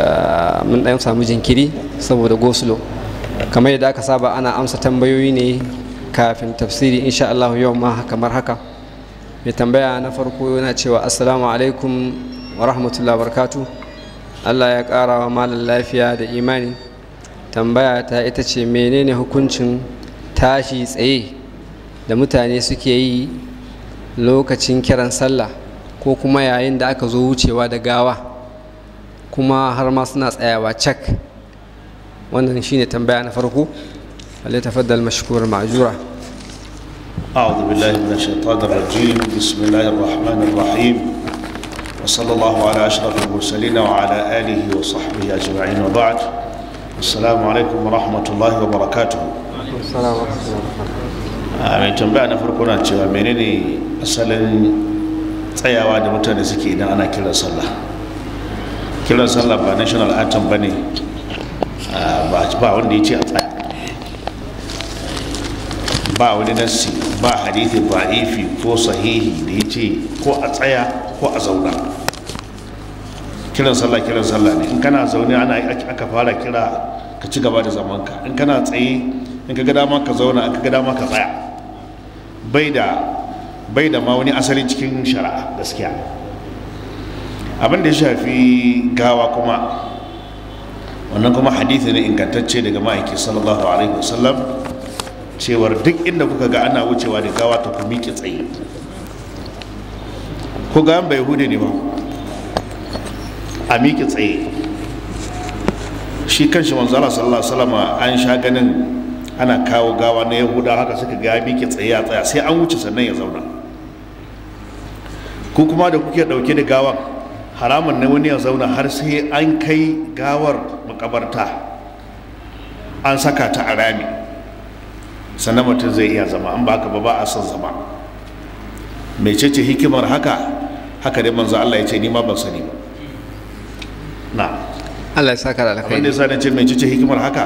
Eh, mun ɗan samu jinkiri saboda goslo kamar yadda aka saba ana amsa tambayoyi ne kafin tafsiri insha Allah yau ma kamar haka mai tambaya na farko yana cewa assalamu alaikum wa rahmatullahi barkatu Allah ya ƙara wa malam lafiya da imani tambaya ta ita ce menene hukuncin tashi tsaye da mutane suke yi lokacin kiran sallah ko kuma yayin da aka zo wucewa da gawa kuma har ma suna tsayawa cak wannan shine tambaya na farko alai tafaddal mashkur ma'jura أعوذ بالله من الشيطان الرجيم بسم الله الرحمن الرحيم وصلى الله على أشرف المرسلين وعلى آله وصحبه أجمعين وبعد السلام عليكم ورحمة Wa وبركاته السلام ورحمة الله mai tambaya na farko na cewa menene asalin tsayawa da mutane suke idan ana kiran sallah kiran sallah ba national anthem ah, ba ne ba wanda ya ce a tsaya ba wani nassi ba hadithi ba ifi ko sahihi da ya ce ko a tsaya ko a zauna kiran sallah kiran sallah ne in kana zaune ana aka fara kira ka ci gaba da zamanka in kana tsaye in ka ga dama ka zauna in ka ga dama ka tsaya bai da bai da ma wani asali cikin shari'a gaskiya abin da ya shafi gawa kuma wannan kuma hadithi ne ingantacce daga ma'aiki sallallahu alaihi wasallam cewar duk inda kuka ga ana wucewa da gawa ta ku miƙe tsaye ko ga bai hude ne ba a miƙe tsaye shi kanshi manzala sallallahu alaihi wasallam an sha ganin ana kawo gawa na yahuda haka suka ga miƙe tsaye a tsaya sai an wuce sannan ya zauna ku kuma da kuke ɗauke da gawan haramun ne wani ya zauna har sai an kai gawar makabarta an saka ta a rami sannan mutum zai iya zama an baka ba ba a son zama mai cece hikimar haka haka dai manzo Allah ya ce ni ma ban sani ba na Allah ya saka da alkhairi abin da ce mai cece hikimar haka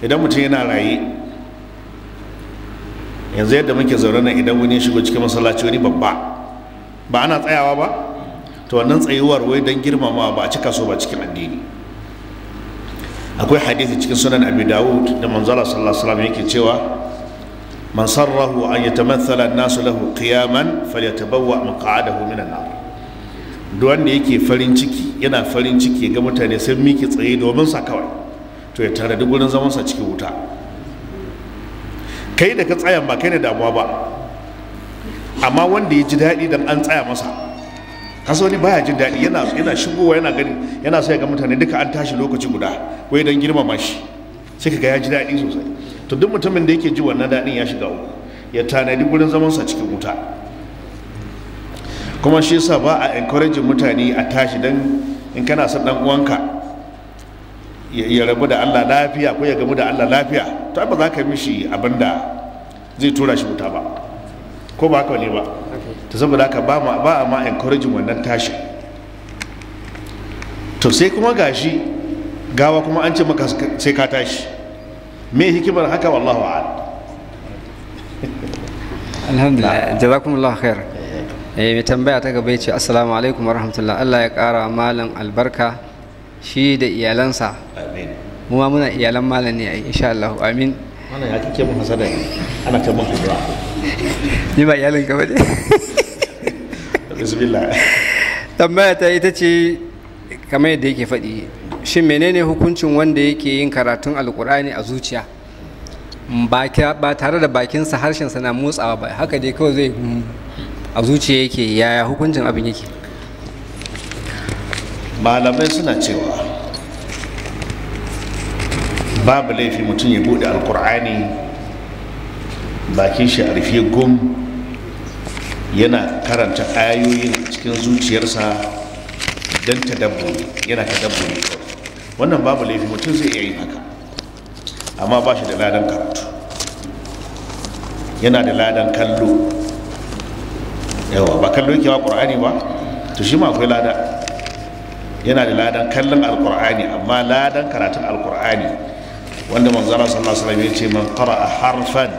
idan mutum yana raye yanzu yadda muke zaune nan idan wani ya shigo cikin masallaci wani babba ba ana tsayawa ba to wannan tsayuwar wai don girmama ba a cika so ba cikin addini akwai hadisi cikin sunan abu dawud da manzala sallallahu alaihi wasallam yake cewa man sarrahu an yatamathala an-nasu lahu qiyaman falyatabawwa maq'adahu min an-nar duk wanda yake farin ciki yana farin ciki ga mutane sun miki tsaye domin sa kawai to ya tare duk gurin zaman sa cikin wuta kai da ka tsaya ba kai ne damuwa ba amma wanda ya ji daɗi dan an tsaya masa kasa wani baya jin daɗi yana yana shigowa yana gani yana so ga mutane duka an tashi lokaci guda wai dan girmama shi sai ka ga ya ji daɗi sosai to duk mutumin da yake ji wannan daɗin ya shiga uku ya tanadi gurin zaman sa cikin wuta kuma shi yasa ba a encourage mutane a tashi dan in kana son dan uwanka ya rabu da Allah lafiya ko ya gamu da Allah lafiya to ba za ka mishi abinda zai tura shi wuta ba ko ba haka ne ba ta saboda haka ba a ma encouraging wannan tashi to sai kuma gashi gawa kuma an ce maka sai ka tashi me hikimar haka wallahu ala. alhamdulillah jazakumullah khair eh mai tambaya ta gaba ce assalamu alaikum wa rahmatullah Allah ya kara malam albarka shi da iyalansa amin mu ma muna iyalan malam ne insha Allah amin mana ya kike mun hasada ana ta mun addu'a ni ba iyalin ka bane bismillah tambaya ta ita ce kamar yadda yake faɗi shin menene hukuncin wanda yake yin karatun alkur'ani a zuciya ba tare da bakinsa harshensa na motsawa ba haka dai kawai zai a zuciya yake yaya hukuncin abin yake malamai suna cewa babu laifi mutum ya bude alkur'ani bakin shi a rufe gum yana karanta ayoyin cikin zuciyarsa don dabbobi yana ta dabbobi wannan babu laifi mutum zai iya yin haka amma ba shi da ladan karatu yana da ladan kallo yawa ba kallo yake wa ƙur'ani ba to shi ma akwai lada yana da ladan kallon alƙur'ani amma ladan karatun alƙur'ani wanda manzara sallallahu alaihi wasallam ya ce man qara'a harfan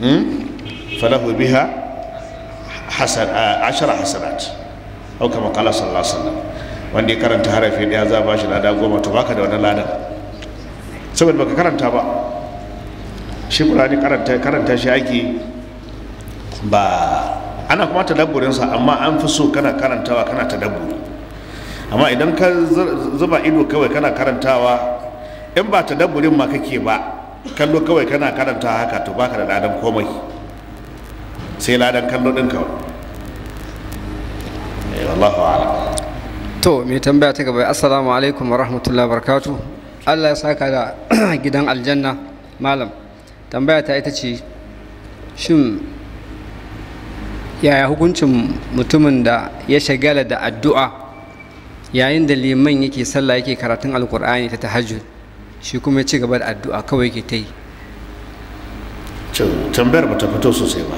Hmm? falahu biha ashara hasanat au kama kala sallallahu alaihi wasallam wanda ya karanta harafi daya za ba shi lada goma to baka da wani ladan saboda baka karanta ba shi kurani karanta karanta shi ake ba ana kuma tadabburinsa amma an fi so kana karantawa kana tadabburi amma idan ka zuba ido kawai kana karantawa in ba tadabburin ma kake ba kallo kawai kana karanta haka to baka da ladan komai sai ladan kallo din kawai eh, wallahu ala to me tambaya ta gaba assalamu alaikum wa rahmatullahi wa barakatuh Allah ya saka da gidan aljanna malam tambaya ta ita ce shin yaya hukuncin mutumin da ya shagala da addu'a yayin da liman yake sallah yake karatun alkur'ani ta tahajjud shi kuma ya ci gaba da addu'a kawai ke ta yi tambayar ba ta fito sosai ba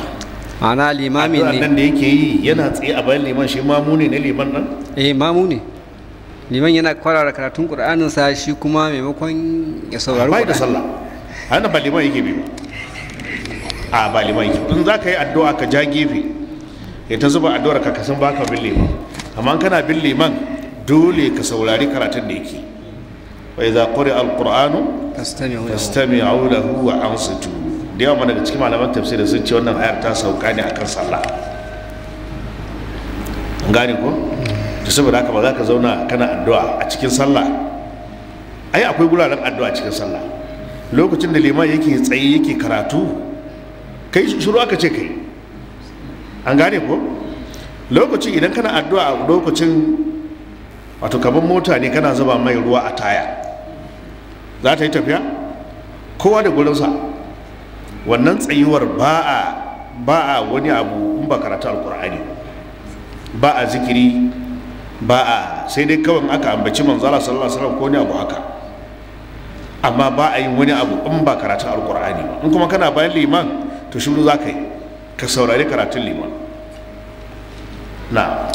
Ana limami ne nan da yake yi yana tsaye a bayan liman shi mamu ne na liman nan eh mamu ne liman yana kwarara karatun qur'anin sa shi kuma maimakon ya saurari bai da sallah ana ba liman yake bi ba a ba liman yake in za ka yi addu'a ka ja gefe ya ta zuba addu'ar ka kasan baka bin liman amma kana bin liman dole ka saurari karatun da yake وإذا قرئ القرآن فاستمعوا له وأنصتوا da yawan daga cikin malaman da sun ce wannan ayar ta sauka ne akan sallah gane ko to saboda haka ba za ka zauna kana addu'a a cikin sallah ai akwai guraren addu'a a cikin sallah lokacin da liman yake tsaye yake karatu kai shiru aka ce kai an gane ko lokacin idan kana addu'a a lokacin wato kamar mota ne kana zuba mai ruwa a taya za ta yi tafiya kowa da sa, wannan tsayuwar ba a ba a wani abu in ba karatu alkur'ani ba a zikiri ba a sai dai kawai aka ambaci manzala sallallahu alaihi ko ne abu haka amma ba a yin wani abu in ba karatu alkur'ani in kuma kana bayan liman to shiru za ka yi ka saurari karatun liman na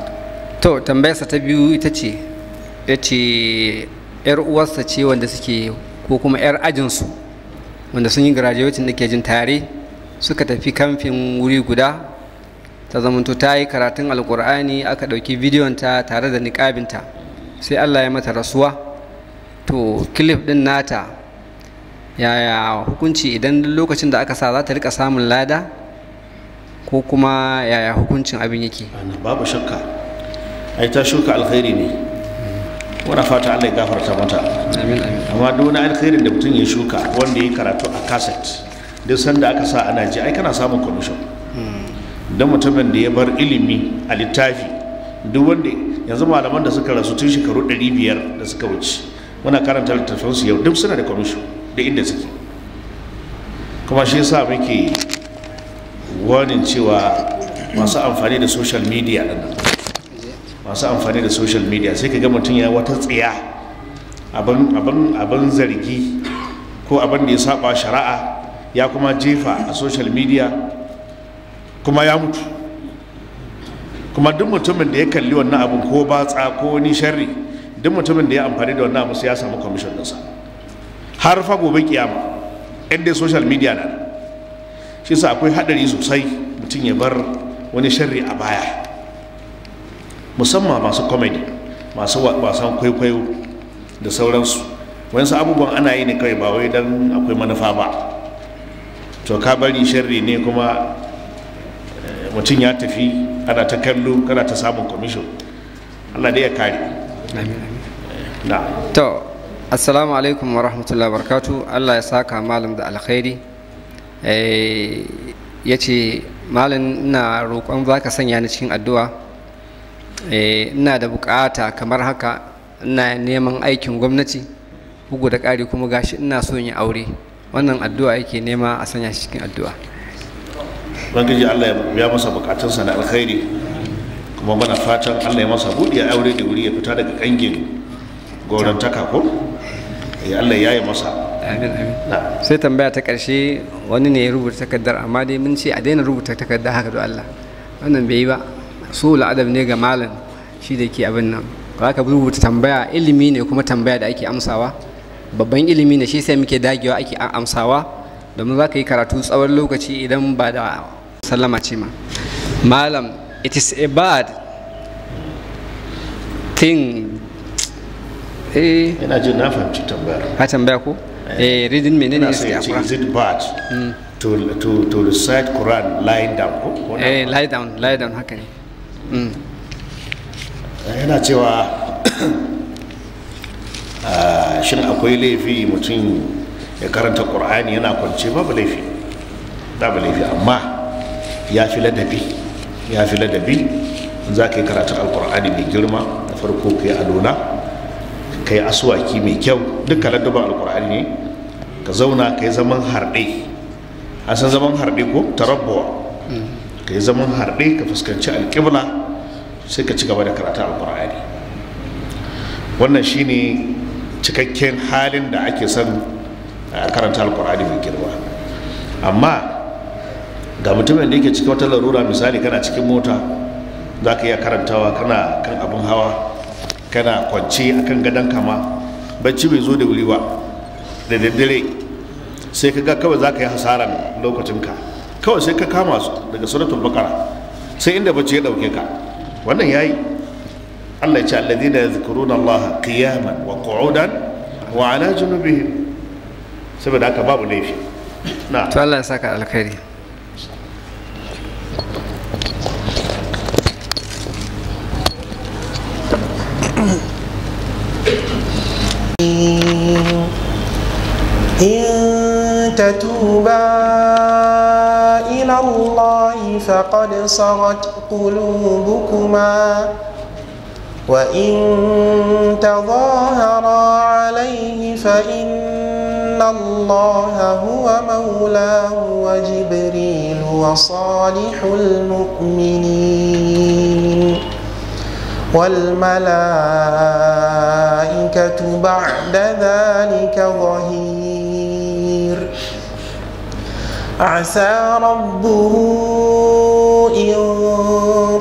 to tambayarsa ta biyu ita ce ya ce 'yar uwarsa ce wanda suke ko kuma 'yar ajinsu wanda sun yi graduating da ke jin tare suka tafi kamfin wuri guda ta zamanto ta yi karatun alkur'ani aka ɗauki bidiyonta tare da niƙabinta sai allah ya mata rasuwa to kilif ɗin nata yaya hukunci idan lokacin da aka sa za ta rika samun lada ko kuma yaya hukuncin abin yake babu shakka ai ta shuka alkhairi ne muna fata Allah ya gafarta mata amma duk wani alkhairin da mutum ya shuka wanda ya karatu a kaset duk sanda aka sa ana ji ai kana samun commission hmm. don mutumin da ya bar ilimi a littafi duk wanda yanzu malaman da suka rasu tun shekaru 500 da suka wuce muna karanta su yau duk suna da commission da inda suke kuma shi yasa muke warning cewa masu amfani da social media ɗin masu amfani da social media sai ka ga mutum ya wata tsiya abin zargi ko abin da ya saba shari'a ya kuma jefa a social media kuma ya mutu kuma duk mutumin da ya kalli wannan abin ko batsa ko wani sharri duk mutumin da ya amfani da wannan abin sai ya samu kwamishin ɗinsa har fa gobe kiyama inda social media na shi sa akwai haɗari sosai mutum ya bar wani sharri a baya musamman masu comedy masu wasan kwaikwayo da sauransu wayansu abubuwan ana yi ne kawai ba wai don akwai manufa ba to ka bari sharri ne kuma eh, mutum ya tafi ana ta kallo kana ta samun commission allah dai ya kare eh, to assalamu alaikum wa rahmatullahi barkatu allah ya saka malam da alkhairi eh, ya ce malam na roƙon za ka sanya ni cikin addu'a Eh, ina da bukata kamar haka ina neman aikin gwamnati bugu da ƙari kuma gashi ina son yi aure wannan addu'a yake nema a sanya shi cikin addu'a bangiji Allah ya masa bukatunsa na alkhairi kuma mana fatan Allah ya masa buɗe ya aure da wuri ya fita daga kangin taka ko ya eh, Allah ya yi masa amin amin sai tambaya ta karshe wani ne ya rubuta takardar amma dai mun ce a daina rubuta takardar haka da Allah wannan bai yi ba su adab ne ga malam shi da ke abin nan ka ka rubuta tambaya ilimi ne kuma tambaya da ake amsawa babban ilimi ne shi sai muke dagewa ake amsawa domin za ka yi karatu tsawon lokaci idan ba da sallama ce ma malam it is a bad thing eh ina jin na fahimci tambayar ka tambaya ko eh, eh ridin menene ne is it bad hmm. to to to recite Quran lying down ko eh lie down lie down haka ne Mm. Eh, yana cewa ah, shin akwai laifi mutum ya karanta ƙur'ani yana kwance babu laifi babu laifi amma ya fi ladabi ya fi ladabi za ka yi karatun alƙur'ani mai girma da farko ka yi alona ka yi asuwaki mai kyau duka ladabin alƙur'ani ne ka zauna ka yi zaman harɗe a san zaman harɗe ko tarabbawa mm. ka yi zaman harɗe ka fuskanci alƙibla sai ka ci gaba da karatu alƙur'ani wannan shine cikakken halin da ake son karanta alƙur'ani mai girma amma ga mutumin da yake cikin wata larura misali kana cikin mota za ka iya karantawa kana kan abin hawa kana kwanci kan gadon kama bacci mai zo da wuri ba da daddare sai ka ga kawai za ka yi hasaran lokacinka kawai sai ka kama su daga suratul baqara sai inda bacci ya dauke ka wannan yayi Allah ya ce alladhina yadhkuruna Allah qiyaman wa qu'udan wa ala junubihim saboda haka babu laifi na to Allah ya saka alkhairi إن تتوبا الله فقد صغت قلوبكما وإن تظاهرا عليه فإن الله هو مولاه وجبريل وصالح المؤمنين والملائكة بعد ذلك ظهير عسى ربه إن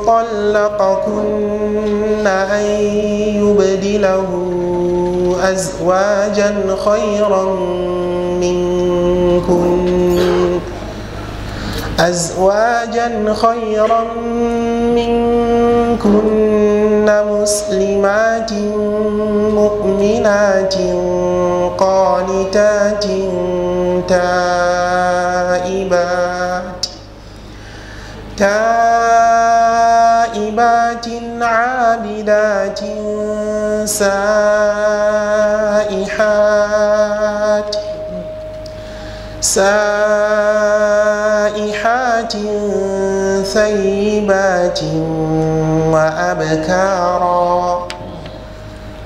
طلقكن أن يبدله أزواجا خيرا منكن أزواجا خيرا منكن مسلمات مؤمنات قانتات تائبات عاملات سائحات سائحات ثيبات وأبكارا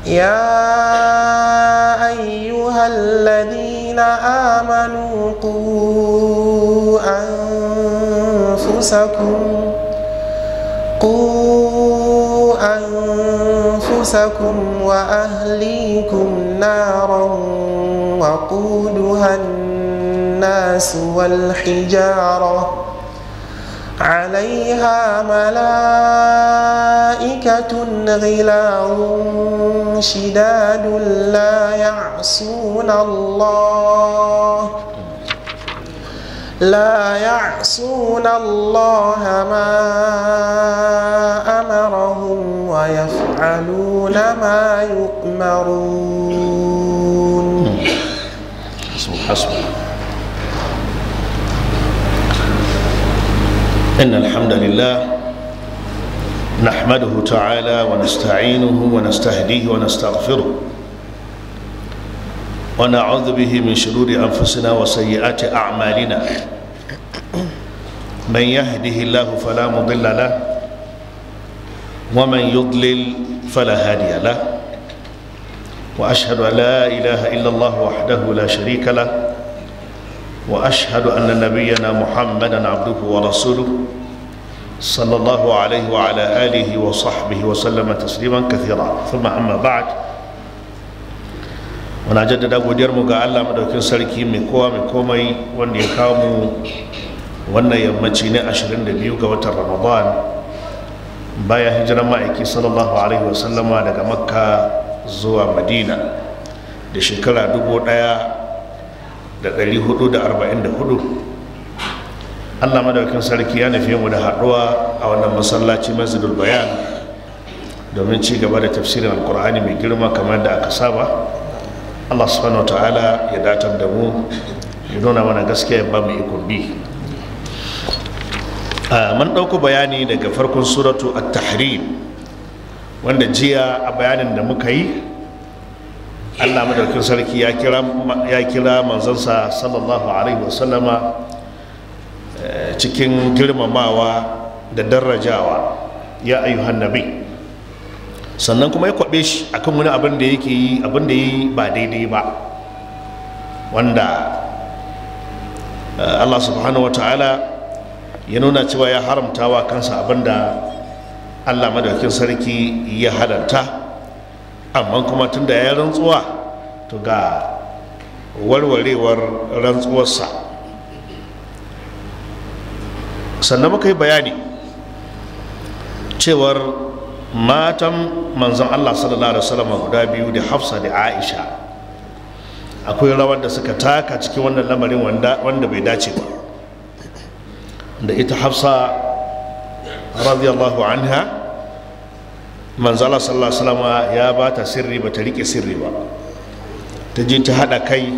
يا أيها الذين آمنوا قوا أنفسكم أنفسكم وأهليكم نارا وقودها الناس والحجارة عليها ملائكة غلاظ شداد لا يعصون الله لا يعصون الله ما ويفعلون ما يؤمرون حسب حسب إن الحمد لله نحمده تعالى ونستعينه ونستهديه ونستغفره ونعوذ به من شرور أنفسنا وسيئات أعمالنا من يهده الله فلا مضل له ومن يضلل فلا هادي له واشهد ان لا اله الا الله وحده لا شريك له واشهد ان نبينا محمدا عبده ورسوله صلى الله عليه وعلى اله وصحبه وسلم تسليما كثيرا ثم اما بعد وانا jaddada godiyarmu ga allah madaukin sarki mai kowa من komai wanda ya وأن mu wannan yammaci ne 22 ga bayan hijirar ma'aiki sallallahu alaihi wasallama daga makka zuwa madina da shekara 1444 allah madaukin sarki ya nufi mu da haɗuwa a wannan masallaci masjidul bayan domin ci gaba da tafsirin alkur'ani mai girma kamar da aka saba allah subhanahu wa ta'ala ya datar da mu ya nuna mana gaskiya ya ba mu ikon bi Ah, mun ɗauko bayani daga farkon suratu at-tahrim wanda jiya a bayanin da muka yi allah madaukin sarki ya kira manzansa sallallahu alaihi wasallama eh, cikin girmamawa da darajawa ya ayyuhan nabi sannan kuma ya kwaɓe shi akan wani abin da yake yi abin da yi ba daidai ba wanda eh, allah subhanahu wa ta'ala ya nuna cewa ya haramta wa kansa abinda allah madaukin sarki ya halarta amma kuma tun da ya rantsuwa to ga warwarewar rantsuwarsa sannan muka yi bayani cewar matan manzan allah sallallahu alaihi wasallam guda biyu da hafsa da aisha akwai rawar da suka taka cikin wannan lamarin wanda bai dace ba da ita hafsa radiyallahu anha manzala sallallahu alaihi ya ba ta sirri ba ta rike sirri ba ta je ta hada kai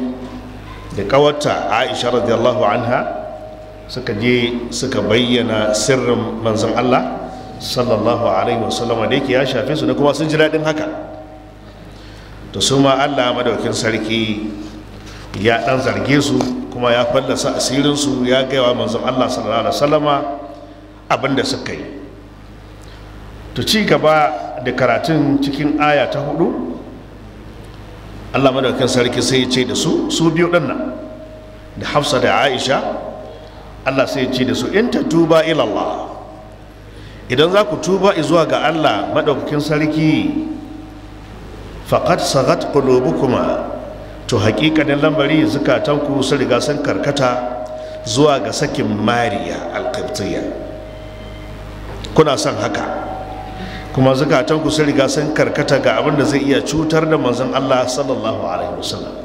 da kawarta aisha radiyallahu anha suka je suka bayyana sirrin manzon Allah sallallahu alaihi wasallam da yake ya shafe su da kuma sun ji daɗin haka to su ma Allah madaukin sarki ya dan zarge su kuma ya fallasa su ya gaiwa manzon Allah sallallahu alaihi wasallama abinda suka yi to ci gaba da karatun cikin aya ta hudu Allah madaukakin sarki sai ya ce da su su biyu nan da Hafsa da Aisha Allah sai ya ce da su in ta tuba Allah idan za ku tuba zuwa ga Allah madaukakin sarki faqad sagat qulubukuma to hakikanin lambari zukatanku sun riga sun karkata zuwa ga sakin mariya alkaftiya kuna son haka kuma zukatanku sun riga sun karkata ga abin da zai iya cutar da manzon allah sallallahu alaihi wasallam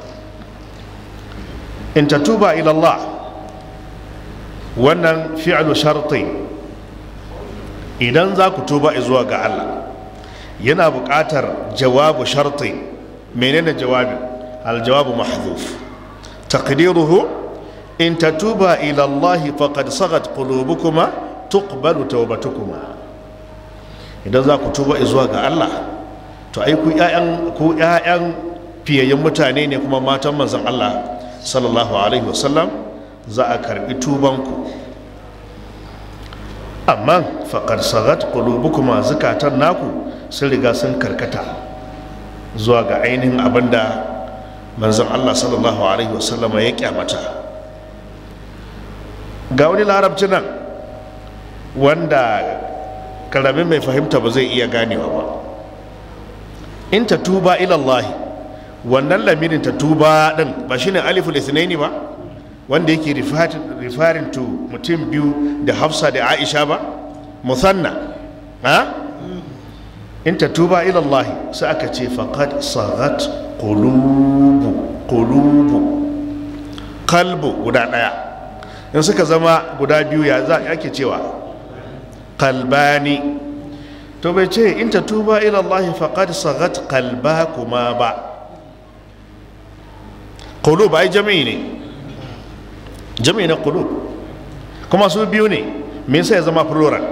in ta tuba ilallah wannan fi'lu sharti idan za ku tuba zuwa ga allah yana buƙatar jawabu sharti menene jawabin aljawabu mahzuf takdiruhu in tatuba ila Allah faqad sagat qulubukuma tuqbalu tawbatukuma idan za ku tuba zuwa ga Allah to ai ku ƴaƴan ku ƴaƴan fiyayyen mutane ne kuma matan manzon Allah sallallahu alaihi wasallam za a karbi tubanku amma faqad sagat qulubukuma zakatan naku sun riga sun karkata zuwa ga ainihin abinda manzon Allah sallallahu alaihi wasallam ya kyamata ga wani larabci nan wanda karamin mai fahimta ba zai iya ganewa ba in ta tuba ilallahi wannan lamirin ta tuba din ba shine aliful ithnaini ba wanda yake rifarin to mutum biyu da hafsa da aisha ba musanna ha in ta tuba ilallahi sai aka ce faqad sagat qulub kolubu kalbu guda daya in suka zama guda biyu ya za ake cewa kalbani to bai ce in tatuba ila Allah faqad sagat kuma ba qulub ai jami'i ne jami'i na kolubu kuma su biyu ne me yasa ya zama floral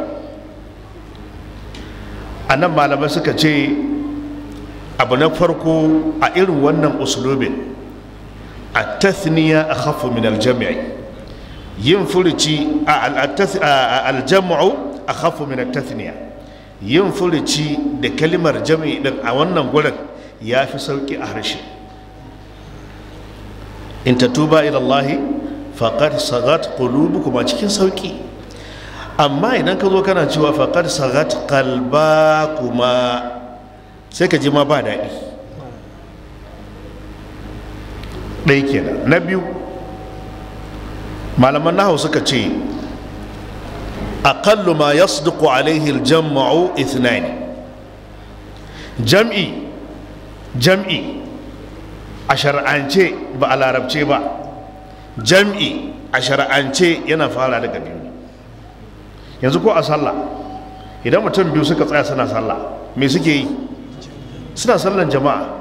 anan malamai suka ce abu na farko a irin wannan usulobin a tasniya a hafu min yin furuci a aljam'u a hafu min yin furuci da kalimar jami'i din a wannan gurin ya fi sauki a harshe in ta tuba ilallahi faƙar sagat ƙulubu kuma cikin sauki amma idan ka zo kana cewa faƙar sagat kuma sai ka ji ma ba daɗi ɗaya kenan na biyu malaman nahu suka ce aqallu ma yasduqu alaihi jamau ithnain jam'i jam'i a shar'ance ba a larabce ba jam'i a shar'ance yana fara daga biyu yanzu ko a sallah idan mutum biyu suka tsaya suna sallah me suke yi suna sallan jama'a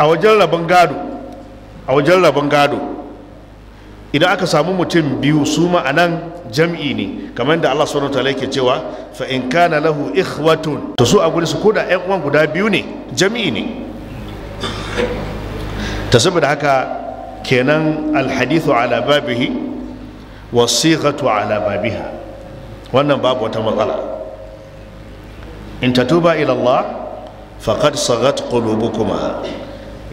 a wajen rabon gado a wajen rabon gado idan aka samu mutum biyu su ma'anan jam'i ne kamar da Allah subhanahu wataala yake cewa fa in kana lahu ikhwatun to su a gurin su koda ƴan uwan guda biyu ne jam'i ne ta saboda haka kenan alhadithu ala babihi wasighatu ala babiha wannan babu wata matsala in tatuba ila Allah faqad sagat qulubukuma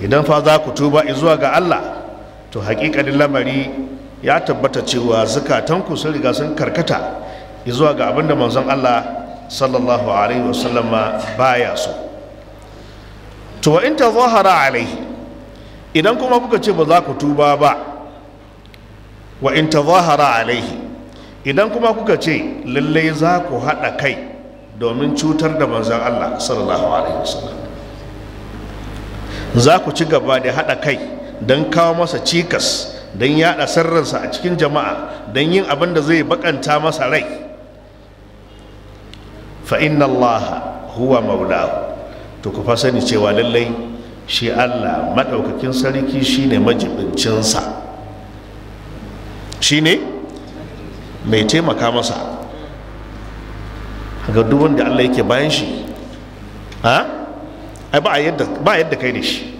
idan fa za ku tuba zuwa ga Allah to haƙiƙanin lamari ya tabbata cewa zukatanku sun riga sun karkata zuwa ga abinda manzon Allah sallallahu alaihi wasallam baya so to wa in tazahara alaihi idan kuma kuka ce ba za ku tuba ba wa in tazahara alaihi idan kuma kuka ce lallai za ku haɗa kai domin cutar da manzon Allah sallallahu alaihi wasallam za ku ci gaba da haɗa kai don kawo masa cikas don yaɗa sirrinsa a cikin jama'a don yin abin da zai bakanta masa rai fa huwa maulahu to ku fa sani cewa lallai shi allah maɗaukakin sarki shine majibincinsa shine mai taimaka masa ga duk wanda allah yake bayan shi ha ai ba yadda ba yadda kai ne shi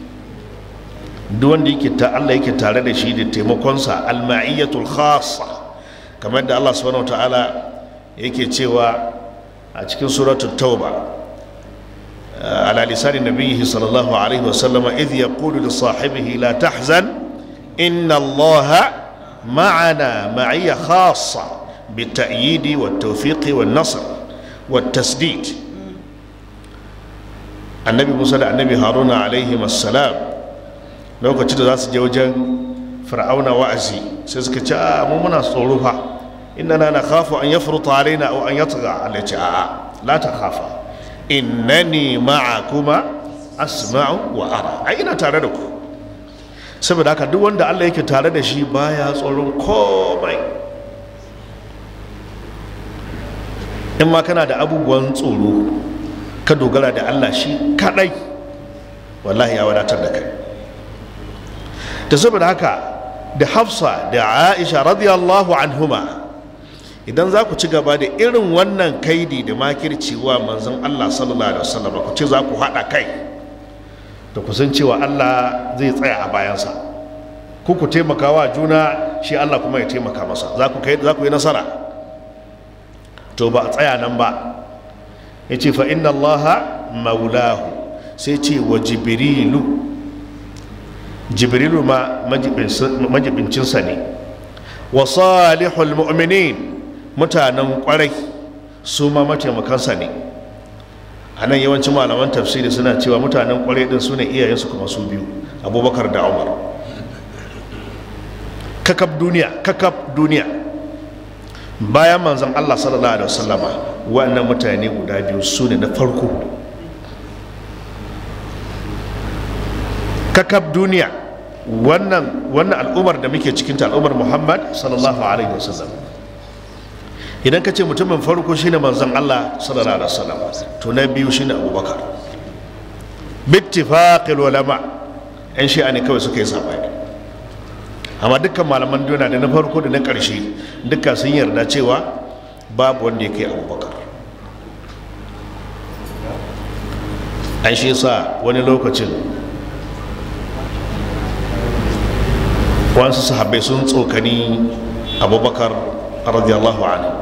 duk wanda yake Allah yake tare da shi da taimakonsa alma'iyatul khassa kamar da Allah subhanahu ta'ala yake cewa a cikin suratun tauba ah, ala lisanin nabiyhi sallallahu alaihi wa sallam idh yaqulu li sahibihi la tahzan inna Allah ma'ana ma'iyya khassa bi ta'yidi wat tawfiqi wan nasr wat tasdid annabi musa da annabi haruna alaihi assalam lokacin da za su je wajen fir'auna wa'azi sai suka ce a ah, mu muna tsoro fa inna na na khafu an furta alaina aw an yatgha Allah ce a la ta khafa innani kuma asma'u wa ara ai ina tare da ku saboda haka duk wanda Allah yake tare da shi baya tsoron komai in ma kana da abubuwan tsoro ka dogara da Allah shi kadai wallahi ya wadatar da kai da saboda haka da hafsa da aisha radiyallahu anhuma idan za ku ci gaba da irin wannan kaidi da makirciwa wa manzon Allah sallallahu alaihi wasallam ku ce za ku haɗa kai da ku san cewa Allah zai tsaya a bayansa ku ku taimaka wa juna shi Allah kuma ya taimaka masa za ku yi nasara to ba a tsaya nan ba yace fa inna allaha maulahu sai ce wa jibrilu jibrilu ma majibincinsa ne wa salihul mu'minin mutanen kwarai su ma mataimakansa ne a nan yawancin malaman tafsiri suna cewa mutanen kwarai din su ne iyayensu kuma su biyu abubakar da umar kakab duniya kakab duniya bayan manzon Allah sallallahu alaihi wasallama wannan mutane guda biyu su ne na farko kakab duniya wannan wannan al'ummar da muke cikinta al'ummar Muhammad sallallahu alaihi wasallam idan ka ce mutumin farko shine manzon Allah sallallahu alaihi wasallam to na biyu shine Abubakar bittifaqil ulama yan shi'a ne kawai suka yi sabani amma dukkan malaman duniya da na farko da na ƙarshe dukkan sun yarda cewa babu wanda ya kai abubakar an shi sa wani lokacin wasu sahabbai sun tsokani abubakar radiyallahu anhu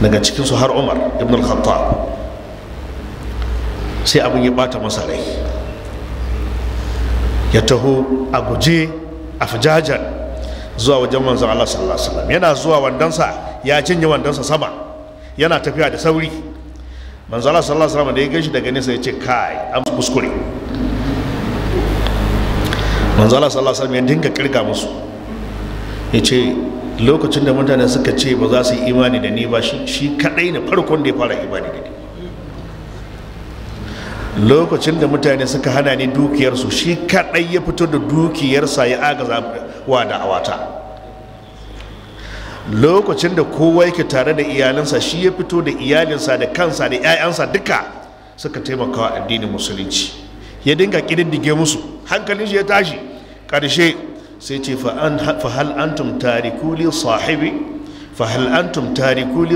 daga cikin su har umar ibn al-khattab sai abin ya bata masa rai ya taho a guje a fujajar zuwa wajen manzon Allah sallallahu alaihi wasallam yana zuwa wandansa ya cinye wandansa sama yana tafiya da sauri manzon Allah sallallahu alaihi wasallam da ya gaishe daga nesa ya ce kai an kuskure manzon Allah sallallahu alaihi wasallam ya dinga kirga musu ya ce lokacin da mutane suka ce ba za su yi imani da ni ba shi kadai ne farkon da ya fara imani da ni lokacin da mutane suka hana ni dukiyarsu shi kaɗai ya fito da dukiyarsa ya agaza wa da awata lokacin da kowa yake tare da iyalinsa shi ya fito da iyalinsa da kansa da 'ya'yansa duka suka taimaka wa addinin musulunci ya dinga ƙididdige musu hankalin shi ya tashi ƙarshe sai ce fa hal antum sahibi fa hal antum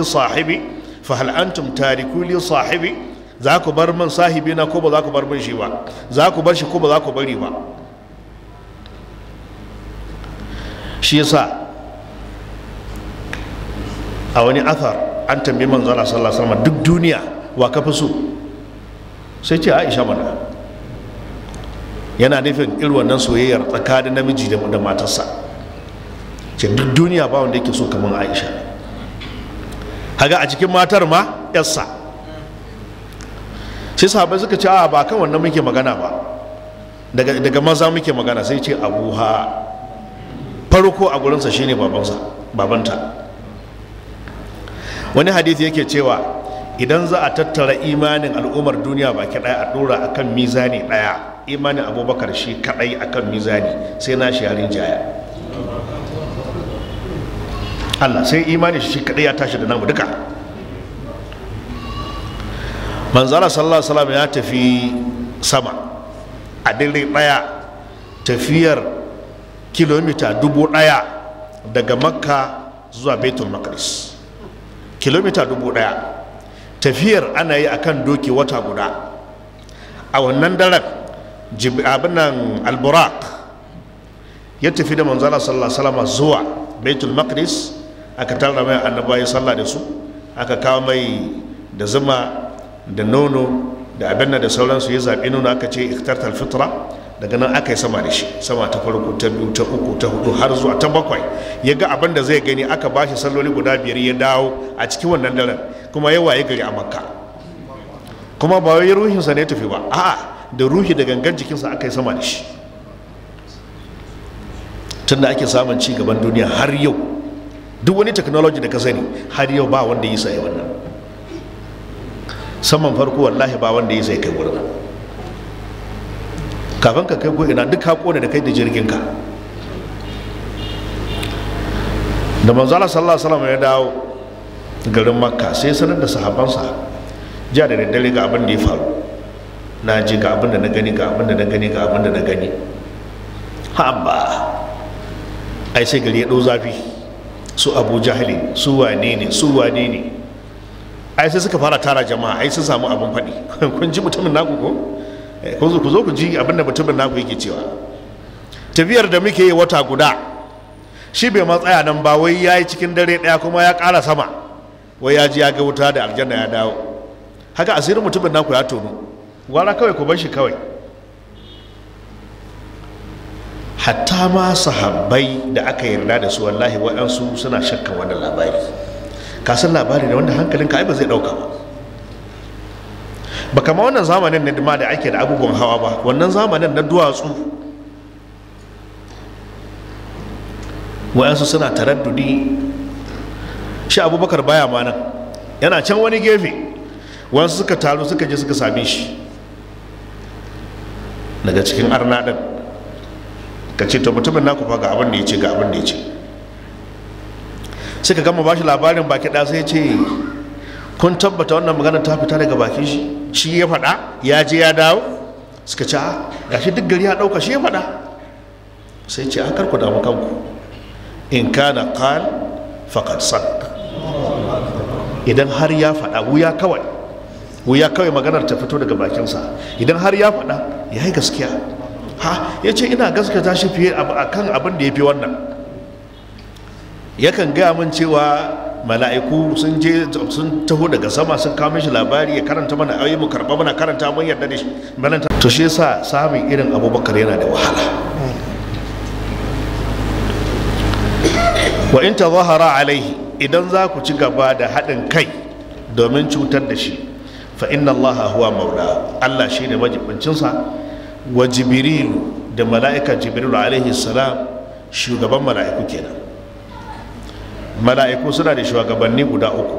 sahibi fa hal sahibi za ku bar min sahibi na ko ba za ku bar min shi ba za ku bar shi ko ba za ku bari ba shi yasa a wani athar an tambayi zala sallallahu alaihi wasallam duk duniya wa kafi su so sai ce aisha mana yana nufin irin wannan soyayyar tsakanin namiji da matarsa ce duk duniya ba wanda yake so kamar aisha haga a cikin matar ma yassa sai sahabai suka ce a ba kan wannan muke magana ba daga maza muke magana sai ce abuha farko a gurinsa shine babansa babanta wani hadith yake cewa idan za a tattara imanin al'ummar duniya baki daya a dora akan mizani daya imanin abubakar shi kadai akan mizani sai na shi jaya Allah sai imanin shi kadai ya tashi da namu duka manzara sallallahu alaihi ya tafi sama a dare daya tafiyar kilomita dubu daya daga makka zuwa baitul maqdis kilomita dubu daya tafiyar ana yi akan doki wata guda a wannan daren abinan alburak ya tafi da manzara sallallahu alaihi zuwa baitul maqdis aka tara mai annabawa ya sallah da su aka kawo mai da zuma da nono da abinna da sauransu ya zaɓi nono aka ce ikhtartal fitra daga nan aka yi sama da shi sama ta farko ta biyu ta uku ta hudu har zuwa ta bakwai ya ga abin da zai gani aka ba shi salloli guda biyar ya dawo a cikin wannan daren kuma yawa ya gari a makka kuma ba wai ruhinsa ne tafi ba a'a da ruhi da gangan jikinsa aka yi sama da shi tunda ake samun ci gaban duniya har yau duk wani technology da ka sani har yau ba wanda yi sa wannan saman farko wallahi ba wanda ya sai kai wurin kafin ka kai ko ina duk ka kone da kai da jirgin ka da manzo Allah sallallahu alaihi wasallam ya dawo garin makka sai sanar da sahabbansa jiya da daddare ga abin da ya faru na ji ga abin da na gani ga abin da na gani ga abin da na gani hamba ai sai gari ya dau zafi su abu jahili su wane ne su wane ne ai sai suka fara tara jama'a ai sun samu abin faɗi kun ji mutumin naku ko eh, ku zo ku ji abin da mutumin naku yake cewa tafiyar da muke yi wata guda shi bai matsaya nan ba wai ya yi cikin dare daya kuma ya kara sama wai ya ji ya ga wuta da aljanna ya dawo haka asirin mutumin naku ya tono gwara kawai ku bar shi kawai hatta ma sahabbai da aka yarda da su wallahi waɗansu suna shakka wannan labari ka san labari da wanda hankalinka ai ba zai dauka ba ba kama wannan zamanin ne ma da ake da abubuwan hawa ba wannan zamanin na duwatsu wayansu suna taraddudi shi abubakar baya ma nan yana can wani gefe wayansu suka taru suka je suka same shi daga cikin arna din ka ce to mutumin naku fa ga abin da ya ce ga abin da ya ce suka gama ba shi labarin baki ɗaya sai ce kun tabbata wannan magana ta fita daga baki shi ya faɗa ya je ya dawo suka ce ga shi duk gari ya ɗauka shi ya faɗa sai ce a ku damu kanku in kana qal faqad sadaq idan har ya faɗa wuya kawai wuya kawai maganar ta fito daga bakinsa idan har ya faɗa ya yi gaskiya ha ya ce ina gaskata shi fiye akan abin da ya fi wannan yakan gaya min cewa mala'iku sun je sun taho daga sama sun kawo shi labari ya karanta mana ayi mu karba mana karanta mun yarda da shi balanta to shi yasa samun irin abubakar yana da wahala wa in tazahara alaihi idan za ku ci gaba da haɗin kai domin cutar da shi fa inna Allah huwa maula Allah shine sa wa jibril da mala'ika jibril alaihi salam shugaban mala'iku kenan mala'iku suna da shugabanni guda uku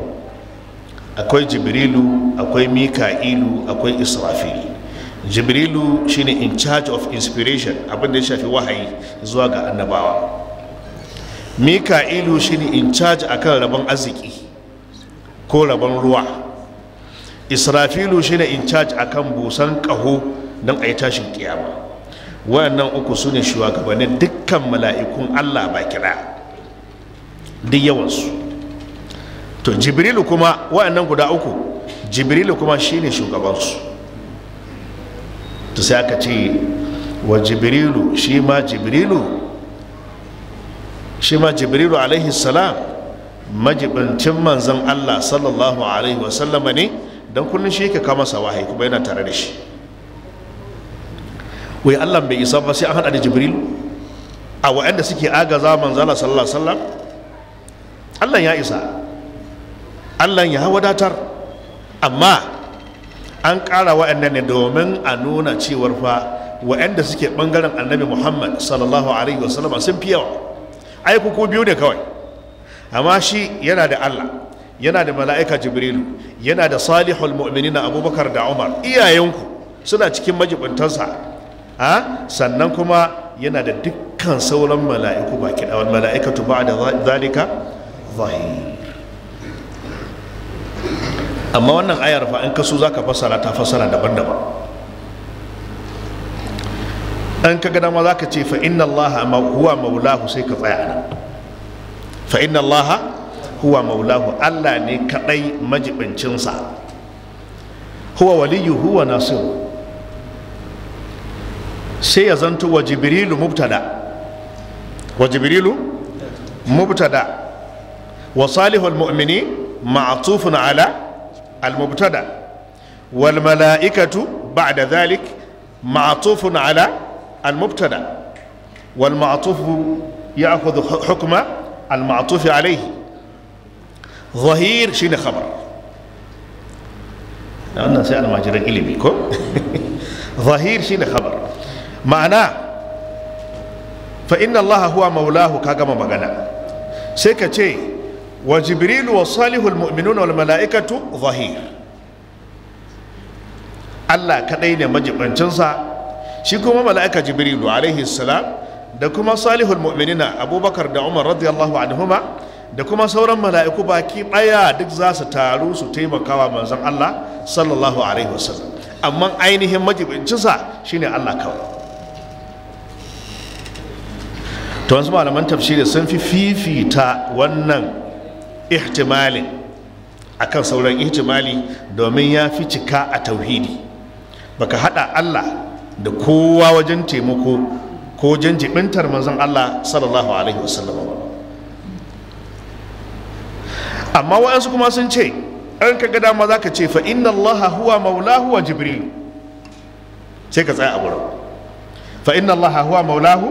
akwai jibrilu akwai mika'ilu akwai israfili jibrilu shine in charge of inspiration abinda ya shafi wahayi zuwa ga annabawa mika'ilu shine in charge akan rabon arziki ko rabon ruwa israfilu shine in charge akan busan kaho don a yi tashin kiyama wayannan uku su ne shugabannin dukkan mala'ikun allah ba kira duk yawansu to jibrilu kuma guda uku jibrilu kuma shine shugabansu to sai aka ce wa jibrilu shi ma jibrilu shi ma jibrilu alaihi salam majibincin manzan allah sallallahu alaihi wasallama ne don kullum shi yake kama sa wahayi kuma yana tare da shi wai allah bai isa ba sai an hada da jibrilu a wa'anda suke agaza manzala sallallahu alaihi wasallam Allah ya isa Allah ya wadatar amma an kara wa'annan ne domin a nuna cewar fa wa'anda suke ɓangaren annabi muhammad sallallahu alaihi wasallam sun fi yawa ai ku biyu ne kawai amma shi yana da allah yana da mala'ika jibrilu yana da salihul mu'minina abubakar da umar iyayenku suna cikin majibuntansa a sannan kuma yana da dukkan sauran mala'iku baki ɗawan mala'ikatu ba da zalika amma wannan ayar fa in ka zaka fassara ta fassara daban-daban an ka gada ma zaka ce fa inna allaha huwa maulahu sai ka tsaya nan fa inna allaha huwa maulahu Allah ne kadai majibincinsa huwa waliyu huwa nasiru sai ya zanto wa jibrilu mubtada wa jibrilu mubtada وصالح المؤمنين معطوف على المبتدا والملائكة بعد ذلك معطوف على المبتدا والمعطوف يأخذ حكم المعطوف عليه ظهير شين خبر أنا سأل ما جرى إلي ظهير شين خبر معناه فإن الله هو مولاه كاغما بغنا سيكا تشي wa jibrilu wa salihul mu'minun wal mala'ikatu zahir Allah kaɗai ne majibancinsa shi kuma mala'ika jibrilu alaihi salam da kuma salihul mu'minina abubakar da umar radiyallahu anhuma da kuma sauran mala'iku baki ɗaya duk za su taru su taimakawa manzon Allah sallallahu alaihi wasallam amma ainihin majibincinsa shine Allah kawai to wasu malaman tafsiri sun fi fifita wannan ihtimalin akan sauran ihtimali domin ya fi cika a tauhidi baka haɗa Allah da kowa wajen taimako ko jan jibintar manzon Allah sallallahu alaihi wasallam amma wa'ansu kuma sun ce an ka gada ma za ka ce fa inna Allah huwa maulahu wa jibril sai ka tsaya a gurin fa inna Allah huwa maulahu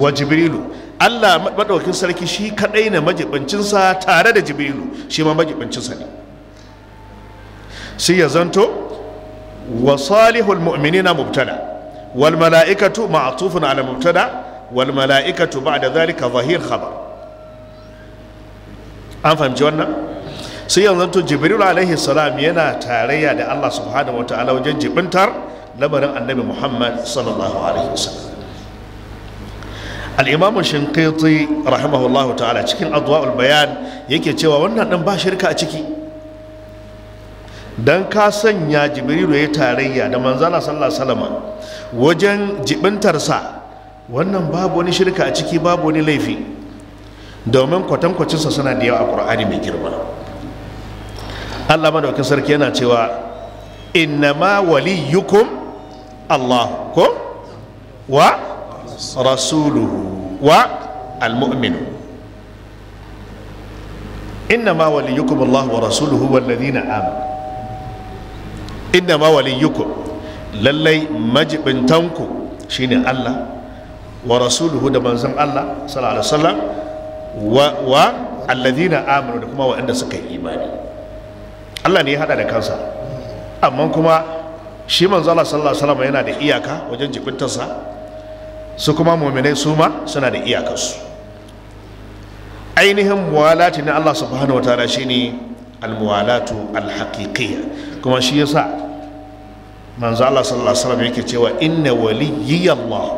wa jibrilu Allah maɗaukin sarki shi kaɗai na majibincinsa tare da jibrilu shi ma majibincinsa ne sai ya zanto wa salihul mu'minina mubtada wal mala'ikatu ma'tufun ala mubtada wal mala'ikatu ba'da zalika zahir khabar an fahimci wannan sai yanzu to jibril alaihi salam yana tarayya da Allah subhanahu wa ta'ala wajen jibintar lamarin annabi Muhammad sallallahu alaihi wasallam al'imamun shinkiti rahimahullahu ta'ala cikin adwa'ul bayan yake cewa wannan ɗin ba shirka a ciki don ka sanya jibrilu ya tarayya da manzana sallah wajen jibintarsa wannan babu wani shirka a ciki babu wani laifi domin kwatankwacinsa suna da yawa a ƙur'ani mai girma allah madaukin sarki yana cewa innama waliyukum allah ko wa rasuluhu wa almu'minu innama waliyukum Allah wa rasuluhu walladhina amanu innama waliyukum lallai majibintanku shine Allah wa rasuluhu da manzon Allah sallallahu alaihi wasallam wa wa alladhina amanu da kuma waɗanda suka yi imani Allah ne ya hada da kansa amma kuma shi manzo Allah yana da iyaka wajen jibintarsa su kuma muminai su ma suna da iyakansu. ainihin muwalati na Allah subhanahu wataala shine almuwalatu alhaqiqiyya kuma shi yasa manzo Allah sallallahu alaihi wasallam yake cewa inna waliyya Allah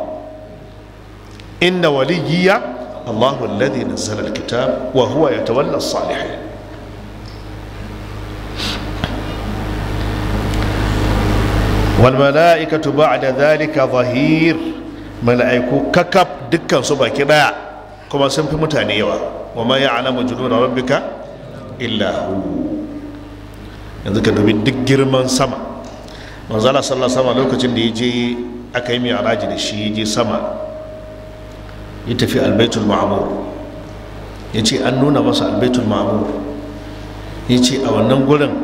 inna waliyya Allah alladhi nazzala alkitab wa huwa yatawalla as-salihin والملائكة بعد ذلك ظهير mala'iku kakaf dukkan su baki daya kuma sun fi mutane yawa wa ma ya'lamu junuda rabbika illa hu yanzu ka dubi duk girman sama manzo Allah sallallahu alaihi wasallam lokacin da yaje aka yi mi'raji da shi yaje sama ya tafi albaitul ma'mur yace an nuna masa albaitul ma'mur yace a wannan gurin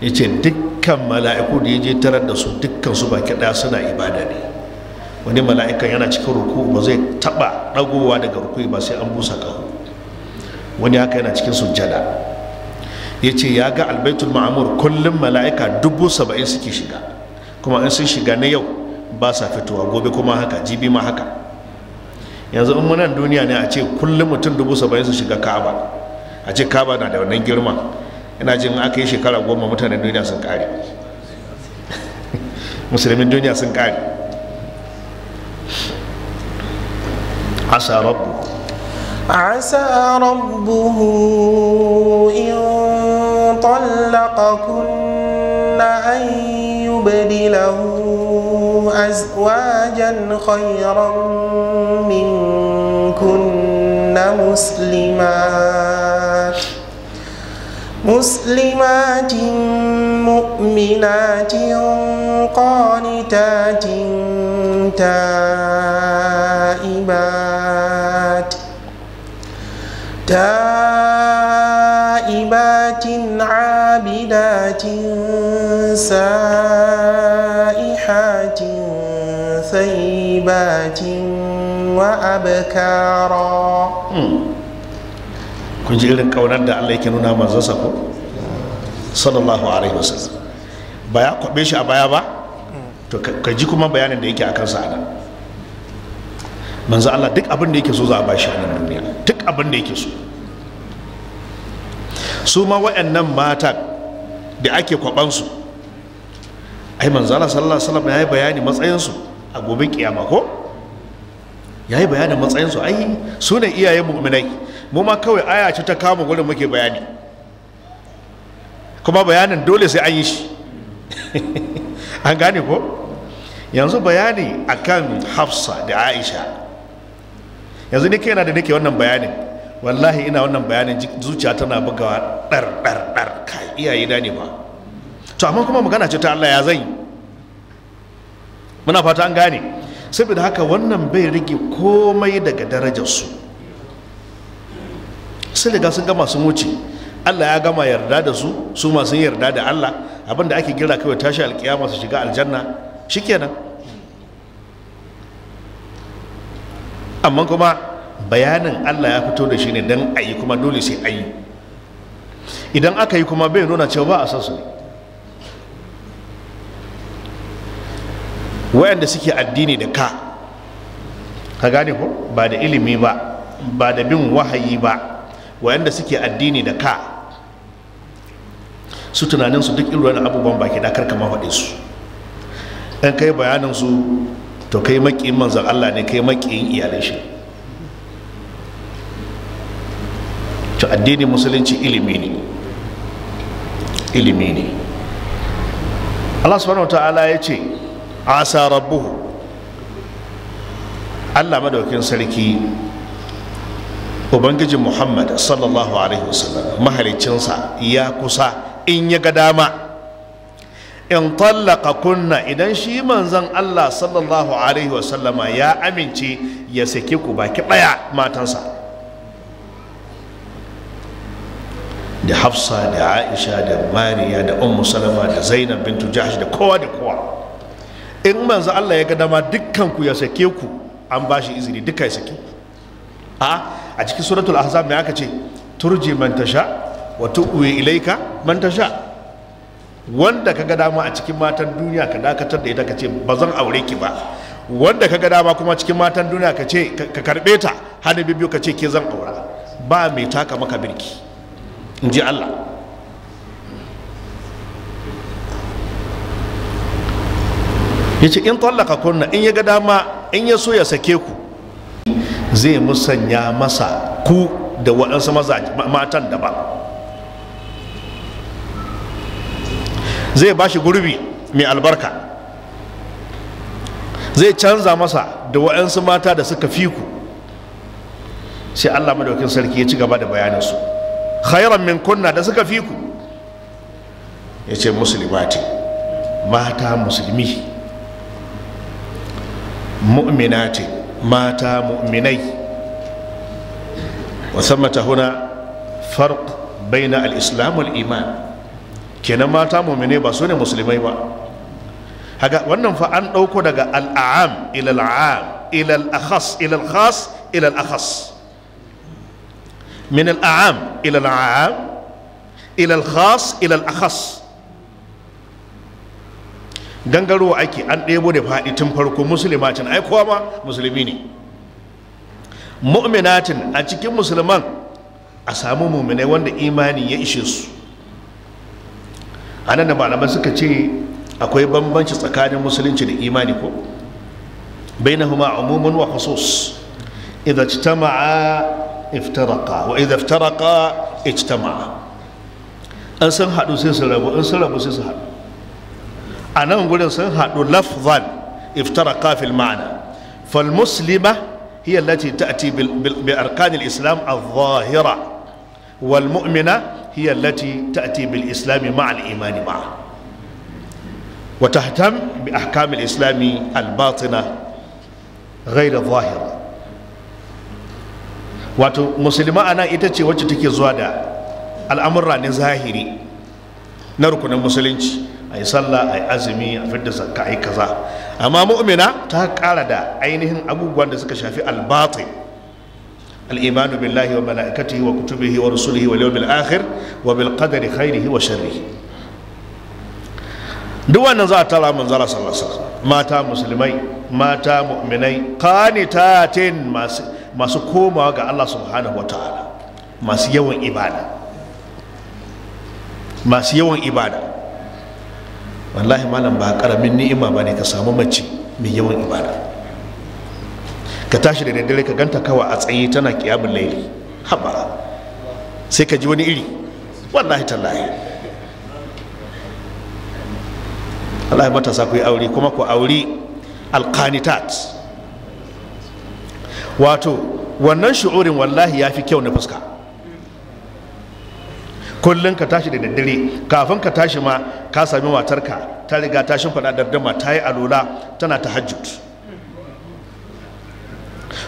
yace dukkan mala'iku da yaje tarar da su dukkan su baki daya suna ibada ne wani mala'ikan yana cikin ruku ba zai taba ɗagowa daga ruku ba sai an busa kahu wani haka yana cikin sujjada ya ce ya ga albaitul ma'amur kullum mala'ika dubu saba'in suke shiga kuma in sun shiga na yau ba sa fitowa gobe kuma haka jibi ma haka yanzu in munan duniya ne a ce kullum mutum dubu saba'in su shiga ka'aba a ce ka'aba na da wannan girma ina jin aka yi shekara goma mutanen duniya sun kare musulmin duniya sun kare عسى ربه عسى ربه إن طلقكن أن يبدله أزواجا خيرا منكن مسلمات مسلمات مؤمنات قانتات تائبات تائبات عابدات سائحات ثيبات وأبكارا hmm. kun ji irin kaunar da Allah yake nuna manzansa ko sallallahu alaihi wasallam ba ya kwabe shi a baya ba to ka ji kuma bayanin da yake akan sa nan manzo Allah duk abin da yake so za a bashi a nan duniya duk abin da yake so su ma waɗannan mata da ake kwabansu ai manzo Allah sallallahu alaihi wasallam ya yi bayani matsayinsu a gobe kiyama ko ya yi bayanin matsayinsu ai su ne iyayen mu'minai mu ma kawai aya ce ta kama gurin muke bayani kuma bayanin dole sai an yi shi an gane ko yanzu bayani akan hafsa da aisha yanzu ne kai na da nake wannan bayanin wallahi ina wannan bayanin zuciya tana bugawa dar dar dar ka iyaye da ne ba to amma kuma magana ce ta Allah ya zai muna fata an gane saboda haka wannan bai rage komai daga darajar su. sai riga sun gama sun wuce Allah ya gama yarda da su su masu yarda da Allah abin abinda ake gira kawai tashi alkiyama su shiga aljanna shikenan amma kuma bayanin Allah ya fito da shi ne dan ayi kuma dole sai ayi idan aka yi kuma bai nuna cewa ba a san ne wayanda suke addini da ka ka gane ko ba da ilimi ba ba da bin wahayi ba wayanda suke addini da ka su tunanin su duk irin abubuwan baki da karka ma faɗe su in kai bayanin su to kai maƙiyin manzan Allah ne kai maƙiyin iyalai shi to addinin musulunci ilimi ne ilimi ne Allah subhanahu ta'ala ya ce asa rabbuhu Allah madaukin sarki ubangijin muhammad sallallahu alaihi wasallam mahalicinsa ya kusa in ya ga dama in tallaka kunna idan shi manzon allah sallallahu alaihi wasallama ya amince ya saki ku baki ɗaya matansa da hafsa da aisha da mariya da ummu salama da zainab bintu jahsh da kowa da kowa in manzo Allah ya ga dama dukkan ku ya sake ku an ba shi izini duka ya sake a a cikin suratul ahzab mai aka ce turji man tasha wa tu'wi ilaika man tasha wanda kaga dama a cikin matan duniya ka dakatar da ita ka ce ba zan aure ki ba wanda kaga dama kuma cikin matan duniya ka ce ka karbe ta hannu bibiyu ka ce ke zan aura ba mai taka maka birki in ji Allah ya ce in tallaka kunna in ya ga dama in ya so ya sake ku zai musanya masa ku da waɗansu matan daban zai ba shi gurbi mai albarka zai canza masa da waɗansu mata da suka fi ku sai allah madaukin sarki ya ci gaba da bayaninsu khairan min kunna da suka fi ku ya ce musulmati mata musulmi mu'minati مات مؤمني وثمة هنا فرق بين الإسلام والإيمان كنا مات مؤمني بسوني مسلمي هكا وانم فان اوكو الأعام إلى العام إلى الأخص إلى الخاص إلى الأخص من الأعام إلى العام إلى الخاص إلى الأخص. gangarowa ake an ɗebo da faɗi tun farko musulmatin ai kowa ma musulmi ne mu'minatin a cikin musulman a samu muminai wanda imani ya ishe su a nan da malaman suka ce akwai bambanci tsakanin musulunci da imani ko huma umumin wa khusus idza ijtama'a iftaraka wa idza iftaraqa ijtama'a an san haɗu sai su rabu an san rabu sai su haɗu Anan nan gudun sun haɗu lafzan iftara kafin ma'ana falmuslima hiyar lati ta ati bi arkanin islam a zahira walmu'mina hiyar lati ta ati bil islami ma'al imani ma wata hatan bi ahkamin islami albatina gaira zahira wato musulma anan ita ce wacce take zuwa da al'amurra na zahiri na rukunin musulunci a yi sallah a yi azumi a fidda zakka a kaza amma mu'mina ta ƙara da ainihin abubuwan da suka shafi albati al'imanu billahi wa mala'ikatihi wa kutubihi wa rusulihi wa yawmil akhir wa bil qadari khairihi wa sharrihi duk wannan za a tara mun zara sallallahu mata musulmai mata mu'minai qanitatin masu komawa ga Allah subhanahu wa ta'ala masu yawan ibada masu yawan ibada wallahi malam ba karamin ni'ima ba ne ka samu mace mai yawan ibada ka tashi da daddare ka ganta kawa a tsaye tana kiyamun laili haba sai ka ji wani iri wallahi tallahi wallahi matasa ku yi aure kuma ku auri alkanitat wato wannan shi'urin wallahi ya fi kyau na fuska kullum ka tashi da daddare kafin ka tashi ma ka sami matarka ta riga ta shimfiɗa dardama ta yi alola tana ta hajjut.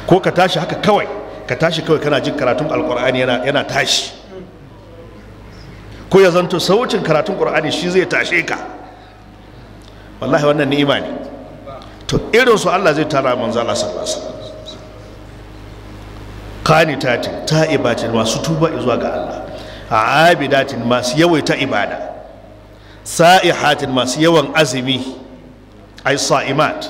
ko ka tashi haka kawai ka tashi kawai kana jin karatun alkur'ani yana tashi ko ya zanto saucin karatun alkur'ani shi zai tashe ka wallahi wannan ni'ima ne to irin su Allah zai tara manzo Allah sallallahu alaihi wasallam qanitatin ta'ibatin masu tuba zuwa ga Allah abidatin masu yawaita ibada sa'ihatin masu yawan azumi ai sa'imat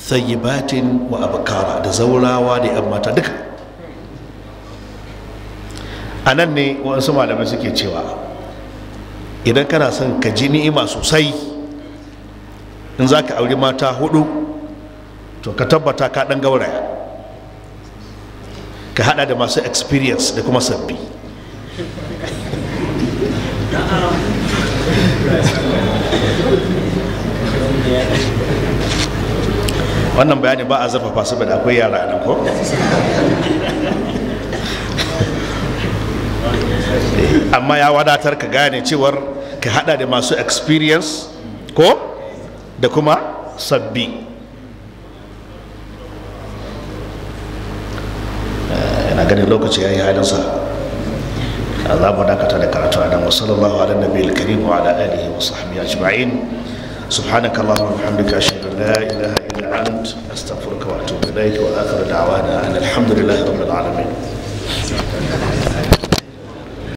sayyibatin wa abakara da zaurawa da yan mata duka a nan ne wasu malamai suke cewa idan kana son ka ji ni'ima sosai in za ka auri mata hudu to ka tabbata ka ɗan gauraya ka hada da masu experience da kuma sabbi wannan bayani ba a zafafa bada akwai yara nan ko amma ya wadatar ka gane cewar ka hada da masu experience ko da kuma sabbi yana eh, ganin lokaci ya yi halinsa za mu dakata da karatu a nan wa sallallahu ala nabiyil karim wa ala alihi wa sahbihi ajma'in subhanaka allahumma wa bihamdika ashhadu an la ilaha illa ant astaghfiruka wa atubu ilayk wa akhiru da'wana alhamdulillahi rabbil alamin